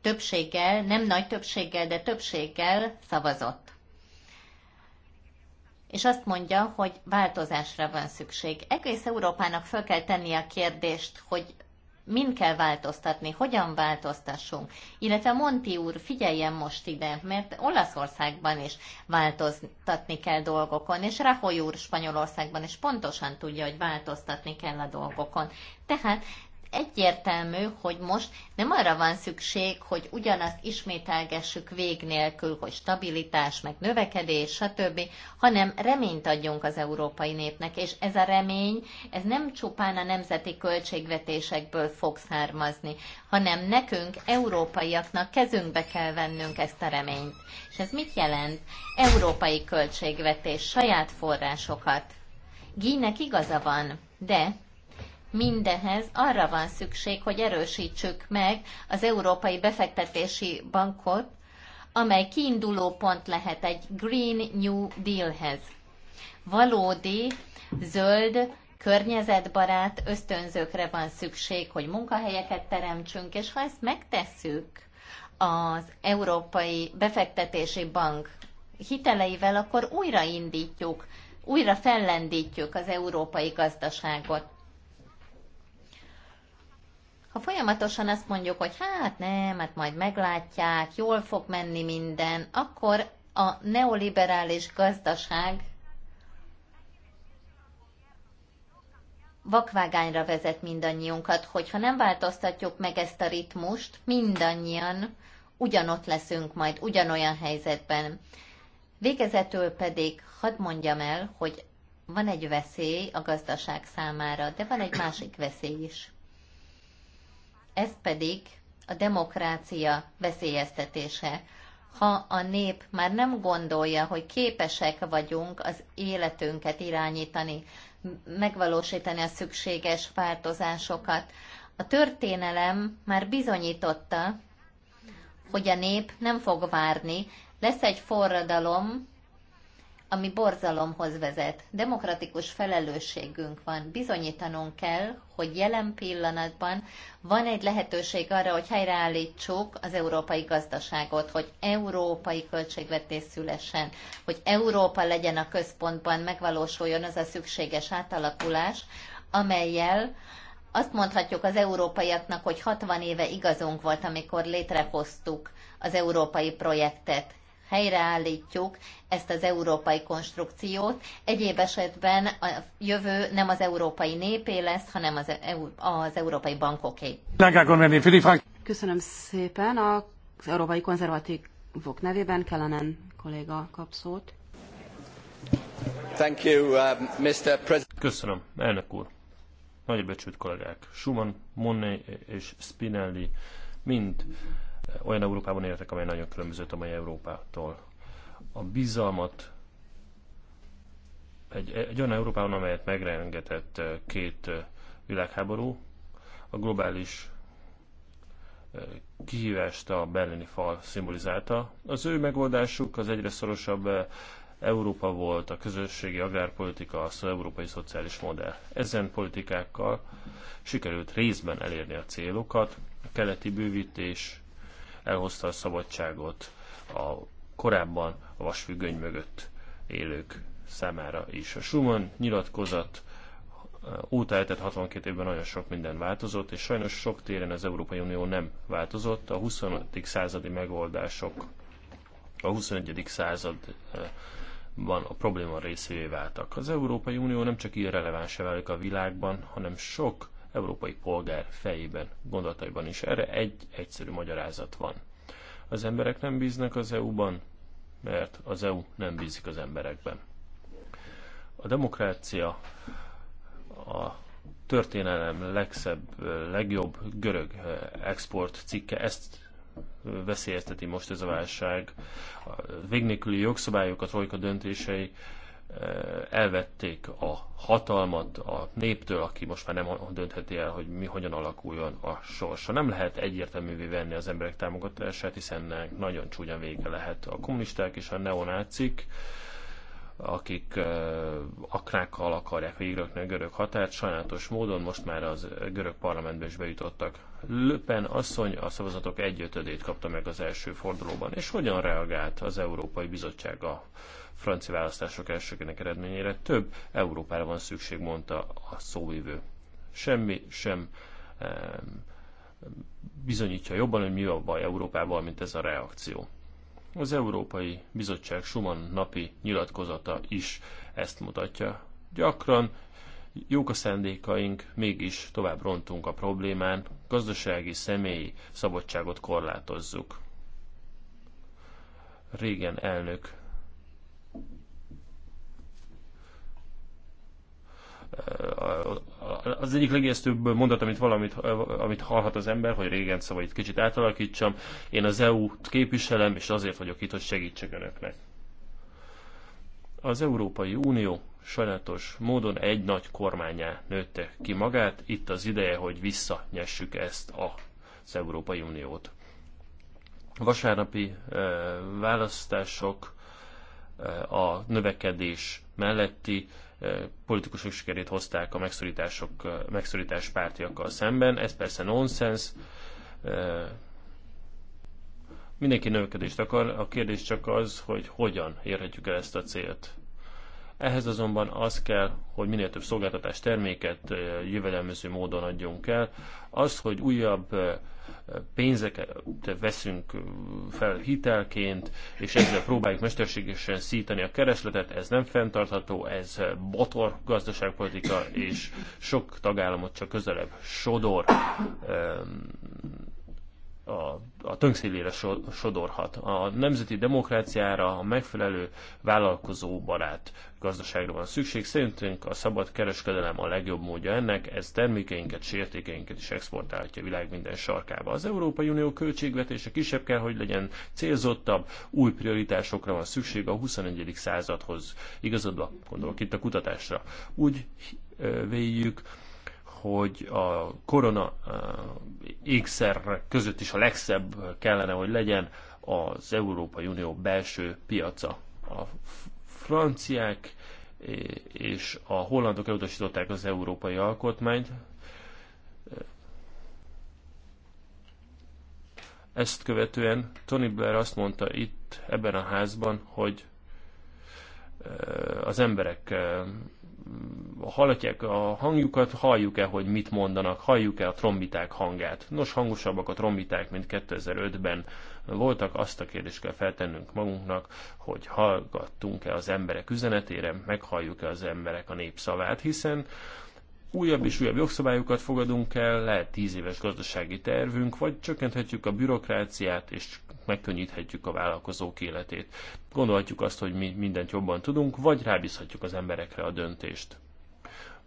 többséggel, nem nagy többséggel, de többséggel szavazott. És azt mondja, hogy változásra van szükség. Egész Európának fel kell tenni a kérdést, hogy Min kell változtatni, hogyan változtassunk? Illetve Monti úr, figyeljen most ide, mert Olaszországban is változtatni kell dolgokon, és Rahoy úr Spanyolországban is pontosan tudja, hogy változtatni kell a dolgokon. Tehát egyértelmű, hogy most nem arra van szükség, hogy ugyanazt ismételgessük vég nélkül, hogy stabilitás, meg növekedés, stb., hanem reményt adjunk az európai népnek, és ez a remény, ez nem csupán a nemzeti költségvetésekből fog származni, hanem nekünk, európaiaknak kezünkbe kell vennünk ezt a reményt. És ez mit jelent? Európai költségvetés, saját forrásokat. Gínek igaza van, de Mindehez arra van szükség, hogy erősítsük meg az Európai Befektetési Bankot, amely kiinduló pont lehet egy Green New Dealhez. Valódi, zöld, környezetbarát ösztönzőkre van szükség, hogy munkahelyeket teremtsünk, és ha ezt megtesszük az Európai Befektetési Bank hiteleivel, akkor újraindítjuk, újra fellendítjük az európai gazdaságot. Ha folyamatosan azt mondjuk, hogy hát nem, hát majd meglátják, jól fog menni minden, akkor a neoliberális gazdaság vakvágányra vezet mindannyiunkat, hogyha nem változtatjuk meg ezt a ritmust, mindannyian ugyanott leszünk majd, ugyanolyan helyzetben. Végezetül pedig hadd mondjam el, hogy van egy veszély a gazdaság számára, de van egy másik veszély is. Ez pedig a demokrácia veszélyeztetése. Ha a nép már nem gondolja, hogy képesek vagyunk az életünket irányítani, megvalósítani a szükséges változásokat, a történelem már bizonyította, hogy a nép nem fog várni. Lesz egy forradalom, ami borzalomhoz vezet. Demokratikus felelősségünk van. Bizonyítanunk kell, hogy jelen pillanatban van egy lehetőség arra, hogy helyreállítsuk az európai gazdaságot, hogy európai költségvetés szülessen, hogy Európa legyen a központban, megvalósuljon az a szükséges átalakulás, amelyel azt mondhatjuk az európaiaknak, hogy 60 éve igazunk volt, amikor létrehoztuk az európai projektet helyreállítjuk ezt az európai konstrukciót. Egyéb esetben a jövő nem az európai népé lesz, hanem az, EU, az európai bankoké. Köszönöm szépen. Az európai konzervatívok nevében Kellenen kolléga kap szót. Thank you, uh, Mr. President. Köszönöm, elnök úr. Nagybecsült kollégák, Schumann, Monnet és Spinelli mind olyan Európában éltek, amely nagyon különböző mai Európától. A bizalmat egy, egy olyan Európában, amelyet megrengetett két világháború, a globális kihívást a berlini fal szimbolizálta. Az ő megoldásuk az egyre szorosabb Európa volt, a közösségi agrárpolitika, az európai szociális modell. Ezen politikákkal sikerült részben elérni a célokat, a keleti bővítés elhozta a szabadságot a korábban a vasfüggöny mögött élők számára is. A Schumann nyilatkozat óta eltett 62 évben nagyon sok minden változott, és sajnos sok téren az Európai Unió nem változott. A 25. századi megoldások a 21. században a probléma részévé váltak. Az Európai Unió nem csak irreleváns válik a világban, hanem sok európai polgár fejében, gondolataiban is. Erre egy egyszerű magyarázat van. Az emberek nem bíznak az EU-ban, mert az EU nem bízik az emberekben. A demokrácia a történelem legszebb, legjobb görög export cikke, ezt veszélyezteti most ez a válság. A végnéküli nélküli jogszabályok, a trojka döntései elvették a hatalmat a néptől, aki most már nem döntheti el, hogy mi hogyan alakuljon a sorsa. Nem lehet egyértelművé venni az emberek támogatását, hiszen nagyon csúnya vége lehet a kommunisták és a neonácik, akik uh, aknákkal akarják végrökni a görög határt. Sajnálatos módon most már az görög parlamentbe is bejutottak. Löpen asszony a szavazatok egyötödét kapta meg az első fordulóban. És hogyan reagált az Európai Bizottság a francia választások elsőkének eredményére. Több Európára van szükség, mondta a szóvívő. Semmi sem bizonyítja jobban, hogy mi a baj Európával, mint ez a reakció. Az Európai Bizottság Schumann napi nyilatkozata is ezt mutatja. Gyakran jók a szendékaink, mégis tovább rontunk a problémán, gazdasági, személyi szabadságot korlátozzuk. Régen elnök az egyik legjesztőbb mondat, amit valamit, amit hallhat az ember, hogy régen szavait kicsit átalakítsam, én az EU-t képviselem, és azért vagyok itt, hogy segítsek önöknek. Az Európai Unió sajnálatos módon egy nagy kormányá nőtte ki magát, itt az ideje, hogy visszanyessük ezt az Európai Uniót. A vasárnapi eh, választások eh, a növekedés melletti politikusok sikerét hozták a megszorítások, megszorítás pártiakkal szemben. Ez persze nonsens. Mindenki növekedést akar, a kérdés csak az, hogy hogyan érhetjük el ezt a célt. Ehhez azonban az kell, hogy minél több szolgáltatás terméket jövedelmező módon adjunk el. Az, hogy újabb pénzeket veszünk fel hitelként, és ezzel próbáljuk mesterségesen szítani a keresletet, ez nem fenntartható, ez botor gazdaságpolitika, és sok tagállamot csak közelebb sodor ehm, a, a tönkszélére sodorhat. A nemzeti demokráciára, a megfelelő vállalkozó barát gazdaságra van szükség. Szerintünk a szabad kereskedelem a legjobb módja ennek, ez termékeinket, sértékeinket is exportálhatja a világ minden sarkába. Az Európai Unió költségvetése kisebb kell, hogy legyen célzottabb, új prioritásokra van szükség a 21. századhoz. Igazodva, gondolok itt a kutatásra. Úgy véljük, hogy a korona ékszerek között is a legszebb kellene, hogy legyen az Európai Unió belső piaca. A franciák és a hollandok elutasították az európai alkotmányt. Ezt követően Tony Blair azt mondta itt, ebben a házban, hogy az emberek hallatják a hangjukat, halljuk-e, hogy mit mondanak, halljuk-e a trombiták hangját. Nos, hangosabbak a trombiták, mint 2005-ben voltak, azt a kérdést kell feltennünk magunknak, hogy hallgattunk-e az emberek üzenetére, meghalljuk-e az emberek a népszavát, hiszen újabb és újabb jogszabályokat fogadunk el, lehet tíz éves gazdasági tervünk, vagy csökkenthetjük a bürokráciát, és megkönnyíthetjük a vállalkozók életét. Gondolhatjuk azt, hogy mi mindent jobban tudunk, vagy rábízhatjuk az emberekre a döntést.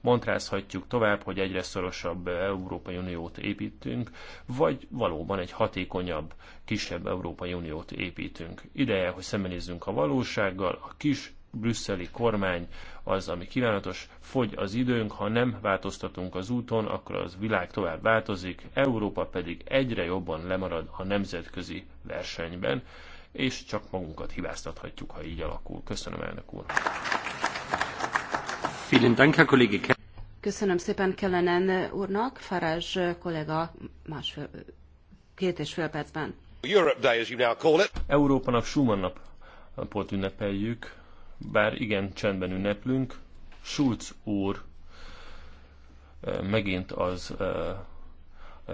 Montrázhatjuk tovább, hogy egyre szorosabb Európai Uniót építünk, vagy valóban egy hatékonyabb, kisebb Európai Uniót építünk. Ideje, hogy szembenézzünk a valósággal, a kis brüsszeli kormány az, ami kívánatos, fogy az időnk, ha nem változtatunk az úton, akkor az világ tovább változik, Európa pedig egyre jobban lemarad a nemzetközi versenyben, és csak magunkat hibáztathatjuk, ha így alakul. Köszönöm, elnök úr! Köszönöm szépen Kellenen úrnak, Farázs kollega másfél, két és fél percben. Európa nap, Schumann napot ünnepeljük, bár igen csendben ünneplünk, Schulz úr e, megint az e, e,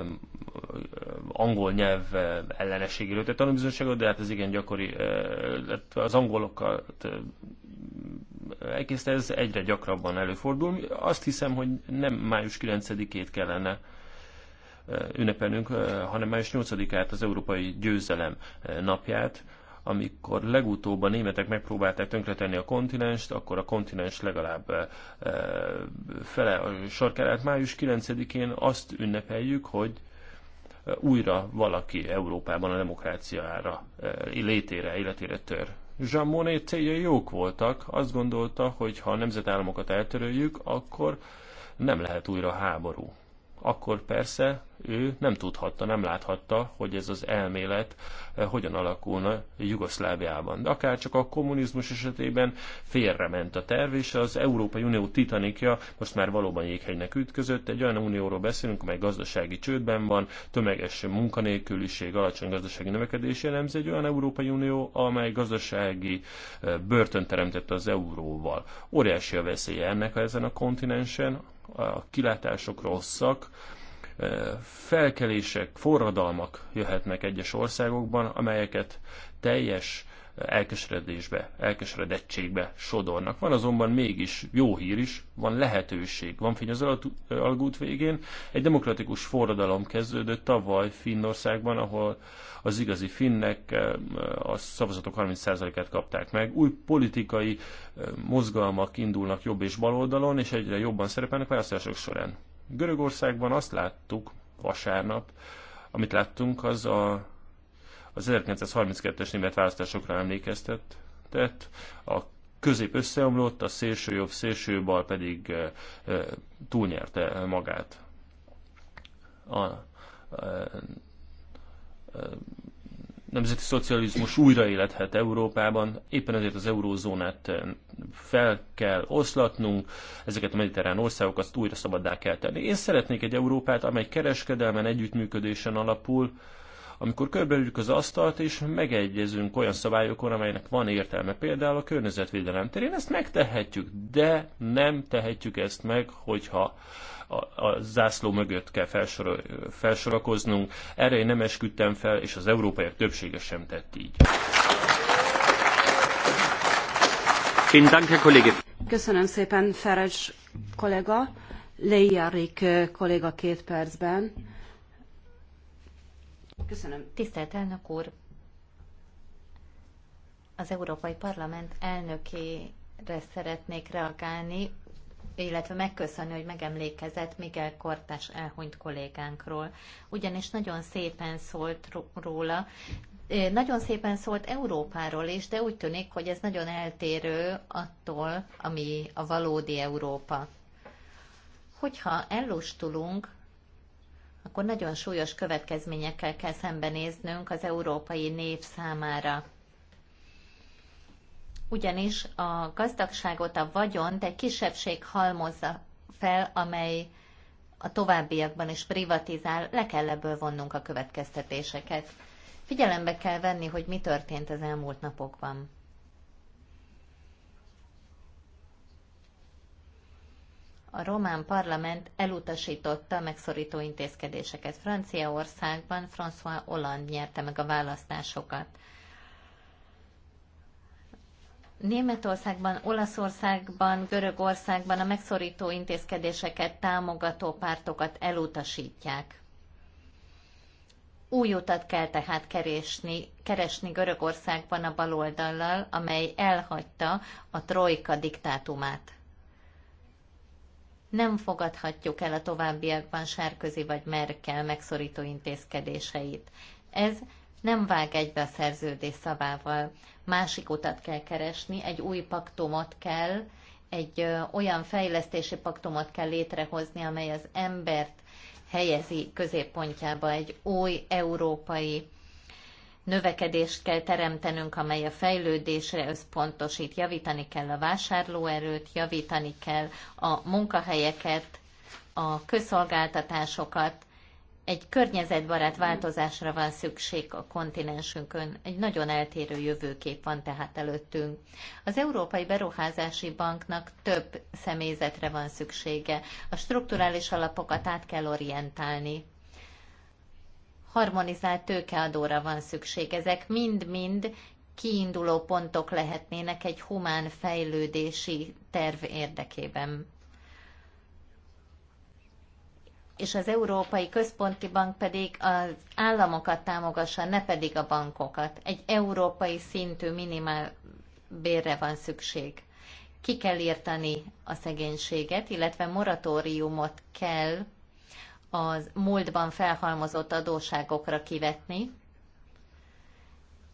angol nyelv ellenességéről tett tanulbizonyságot, de hát ez igen gyakori, az angolokkal elkészte, ez egyre gyakrabban előfordul. Azt hiszem, hogy nem május 9-ét kellene ünnepelnünk, hanem május 8-át az Európai Győzelem napját, amikor legutóbb a németek megpróbálták tönkretenni a kontinenst, akkor a kontinens legalább eh, eh, fele a sarkárát. Május 9-én azt ünnepeljük, hogy eh, újra valaki Európában a demokráciára, létére, életére tör. Jean Monnet céljai jók voltak, azt gondolta, hogy ha a nemzetállamokat eltöröljük, akkor nem lehet újra háború akkor persze ő nem tudhatta, nem láthatta, hogy ez az elmélet eh, hogyan alakulna Jugoszláviában. De akár csak a kommunizmus esetében félrement a terv, és az Európai Unió titanikja most már valóban jéghegynek ütközött. Egy olyan unióról beszélünk, amely gazdasági csődben van, tömeges munkanélküliség, alacsony gazdasági növekedés jellemzi. Egy olyan Európai Unió, amely gazdasági eh, börtön teremtett az euróval. Óriási a veszélye ennek ezen a kontinensen, a kilátások rosszak, felkelések, forradalmak jöhetnek egyes országokban, amelyeket teljes elkeseredésbe, elkeseredettségbe sodornak. Van azonban mégis jó hír is, van lehetőség. Van fény az algút végén. Egy demokratikus forradalom kezdődött tavaly Finnországban, ahol az igazi finnek a szavazatok 30%-át kapták meg. Új politikai mozgalmak indulnak jobb és bal oldalon, és egyre jobban szerepelnek választások során. Görögországban azt láttuk vasárnap, amit láttunk, az a az 1932-es német választásokra emlékeztet, tett, a közép összeomlott, a szélső jobb, szélső bal pedig e, e, túlnyerte magát. A, e, nemzeti szocializmus újraélethet Európában, éppen ezért az eurózónát fel kell oszlatnunk, ezeket a mediterrán országokat újra szabaddá kell tenni. Én szeretnék egy Európát, amely kereskedelmen, együttműködésen alapul, amikor körbeüljük az asztalt és megegyezünk olyan szabályokon, amelynek van értelme, például a környezetvédelem terén, ezt megtehetjük, de nem tehetjük ezt meg, hogyha a, a zászló mögött kell felsor, felsorakoznunk. Erre én nem esküdtem fel, és az európaiak többsége sem tett így. Köszönöm szépen, Ferenc kollega. Leijarik eh, kolléga két percben. Köszönöm. Tisztelt elnök úr! Az Európai Parlament elnökére szeretnék reagálni, illetve megköszönni, hogy megemlékezett Miguel Kortás elhunyt kollégánkról, ugyanis nagyon szépen szólt róla, nagyon szépen szólt Európáról is, de úgy tűnik, hogy ez nagyon eltérő attól, ami a valódi Európa. Hogyha ellustulunk, akkor nagyon súlyos következményekkel kell szembenéznünk az európai nép számára. Ugyanis a gazdagságot, a vagyont egy kisebbség halmozza fel, amely a továbbiakban is privatizál, le kell ebből vonnunk a következtetéseket. Figyelembe kell venni, hogy mi történt az elmúlt napokban. a román parlament elutasította a megszorító intézkedéseket. Franciaországban François Hollande nyerte meg a választásokat. Németországban, Olaszországban, Görögországban a megszorító intézkedéseket támogató pártokat elutasítják. Új utat kell tehát keresni, keresni Görögországban a baloldallal, amely elhagyta a trojka diktátumát nem fogadhatjuk el a továbbiakban Sárközi vagy Merkel megszorító intézkedéseit. Ez nem vág egybe a szerződés szavával. Másik utat kell keresni, egy új paktumot kell, egy olyan fejlesztési paktumot kell létrehozni, amely az embert helyezi középpontjába egy új európai növekedést kell teremtenünk, amely a fejlődésre összpontosít, javítani kell a vásárlóerőt, javítani kell a munkahelyeket, a közszolgáltatásokat, egy környezetbarát változásra van szükség a kontinensünkön. Egy nagyon eltérő jövőkép van tehát előttünk. Az Európai Beruházási Banknak több személyzetre van szüksége. A strukturális alapokat át kell orientálni harmonizált tőkeadóra van szükség. Ezek mind-mind kiinduló pontok lehetnének egy humán fejlődési terv érdekében. És az Európai Központi Bank pedig az államokat támogassa, ne pedig a bankokat. Egy európai szintű minimál bérre van szükség. Ki kell írtani a szegénységet, illetve moratóriumot kell az múltban felhalmozott adósságokra kivetni,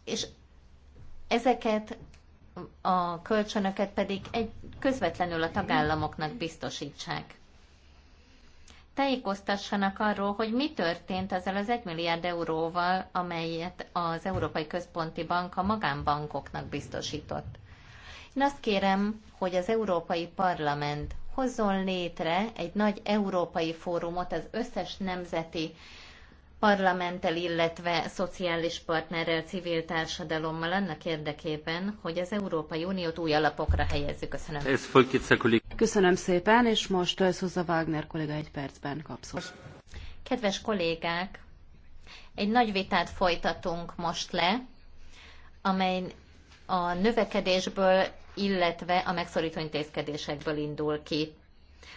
és ezeket a kölcsönöket pedig egy, közvetlenül a tagállamoknak biztosítsák. Tájékoztassanak arról, hogy mi történt ezzel az 1 milliárd euróval, amelyet az Európai Központi Bank a magánbankoknak biztosított. Én azt kérem, hogy az Európai Parlament hozzon létre egy nagy európai fórumot az összes nemzeti parlamenttel, illetve szociális partnerrel, civil társadalommal annak érdekében, hogy az Európai Uniót új alapokra helyezzük. Köszönöm. Köszönöm szépen, és most eh, Szuza Wagner kolléga egy percben kapszol. Kedves kollégák, egy nagy vitát folytatunk most le, amely a növekedésből illetve a megszorító intézkedésekből indul ki.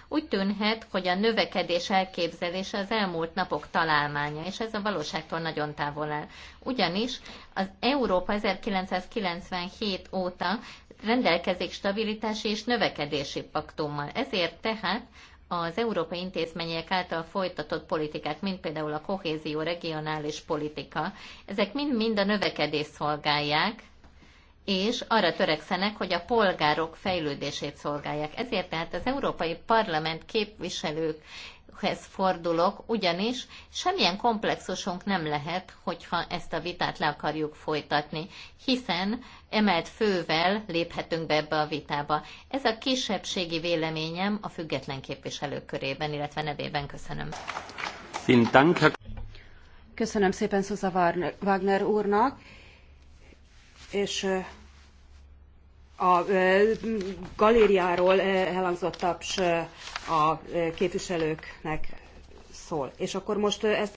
Úgy tűnhet, hogy a növekedés elképzelése az elmúlt napok találmánya, és ez a valóságtól nagyon távol áll. Ugyanis az Európa 1997 óta rendelkezik stabilitási és növekedési paktummal. Ezért tehát az európai intézmények által folytatott politikák, mint például a kohézió, regionális politika, ezek mind-mind a növekedést szolgálják, és arra törekszenek, hogy a polgárok fejlődését szolgálják. Ezért tehát az Európai Parlament képviselők fordulok, ugyanis semmilyen komplexusunk nem lehet, hogyha ezt a vitát le akarjuk folytatni, hiszen emelt fővel léphetünk be ebbe a vitába. Ez a kisebbségi véleményem a független képviselők körében, illetve nevében köszönöm. Köszönöm szépen Szuza Wagner úrnak és a galériáról elhangzott taps a képviselőknek szól. És akkor most ezt